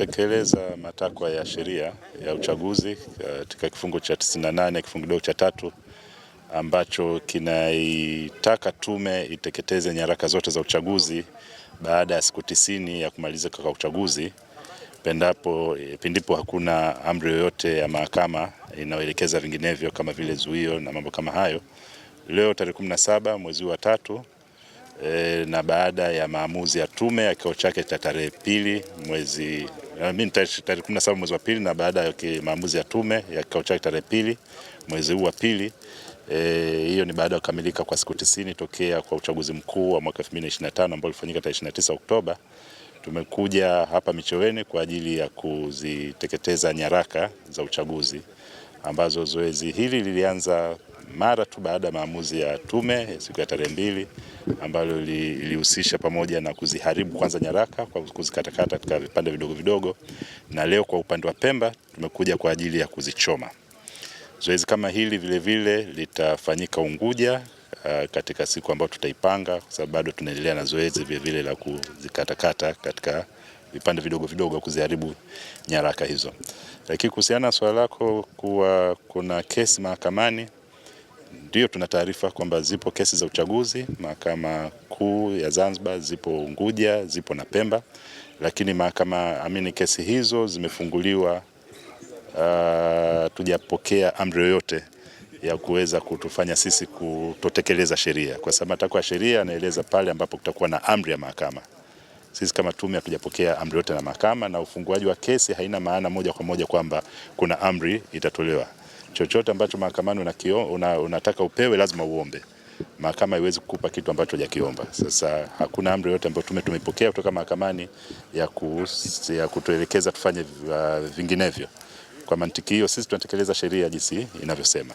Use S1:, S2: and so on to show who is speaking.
S1: kutekeleza matakwa ya sheria ya uchaguzi eh, katika kifungu cha 98 kifungu kidogo cha tatu ambacho kinaitaka tume iteketeze nyaraka zote za uchaguzi baada ya siku tisini ya kumalizika kwa uchaguzi pendapo eh, pindipo hakuna amri yoyote ya mahakama inayoelekeza vinginevyo kama vile zuio na mambo kama hayo. Leo tarehe 17 mwezi wa tatu e, na baada ya maamuzi ya tume ya kikao chake cha tarehe pili mwezi mimi eh, tarehe 17 mwezi wa pili, na baada ya maamuzi ya tume ya kikao chake tarehe pili mwezi huu wa pili eh, hiyo e, ni baada ya kukamilika kwa siku tisini tokea kwa uchaguzi mkuu wa mwaka 2025 ambao ulifanyika tarehe 29 Oktoba. Tumekuja hapa Micheweni kwa ajili ya kuziteketeza nyaraka za uchaguzi ambazo zoezi hili lilianza mara tu baada ya maamuzi ya tume siku ya tarehe mbili ambalo ilihusisha pamoja na kuziharibu kwanza nyaraka kwa kuzikatakata katika vipande vidogo vidogo, na leo kwa upande wa Pemba tumekuja kwa ajili ya kuzichoma. Zoezi kama hili vilevile vile, litafanyika Unguja uh, katika siku ambayo tutaipanga, kwa sababu bado tunaendelea na zoezi vilevile vile la kuzikatakata katika vipande vidogo vidogo kuziharibu nyaraka hizo. Lakini kuhusiana na swala lako kuwa kuna kesi mahakamani Ndiyo, tuna taarifa kwamba zipo kesi za uchaguzi mahakama kuu ya Zanzibar, zipo Unguja, zipo na Pemba, lakini mahakama amini, kesi hizo zimefunguliwa. Uh, tujapokea amri yoyote ya kuweza kutufanya sisi kutotekeleza sheria, kwa sababu matakwa ya sheria yanaeleza pale ambapo kutakuwa na amri ya mahakama. Sisi kama tume hatujapokea amri yote na mahakama, na ufunguaji wa kesi haina maana moja kwa moja kwamba kuna amri itatolewa chochote ambacho mahakamani una, unataka upewe lazima uombe. Mahakama haiwezi kukupa kitu ambacho hujakiomba. Sasa hakuna amri yoyote ambayo tume tumepokea kutoka mahakamani ya, ya kutuelekeza tufanye uh, vinginevyo. Kwa mantiki hiyo sisi tunatekeleza sheria jinsi inavyosema.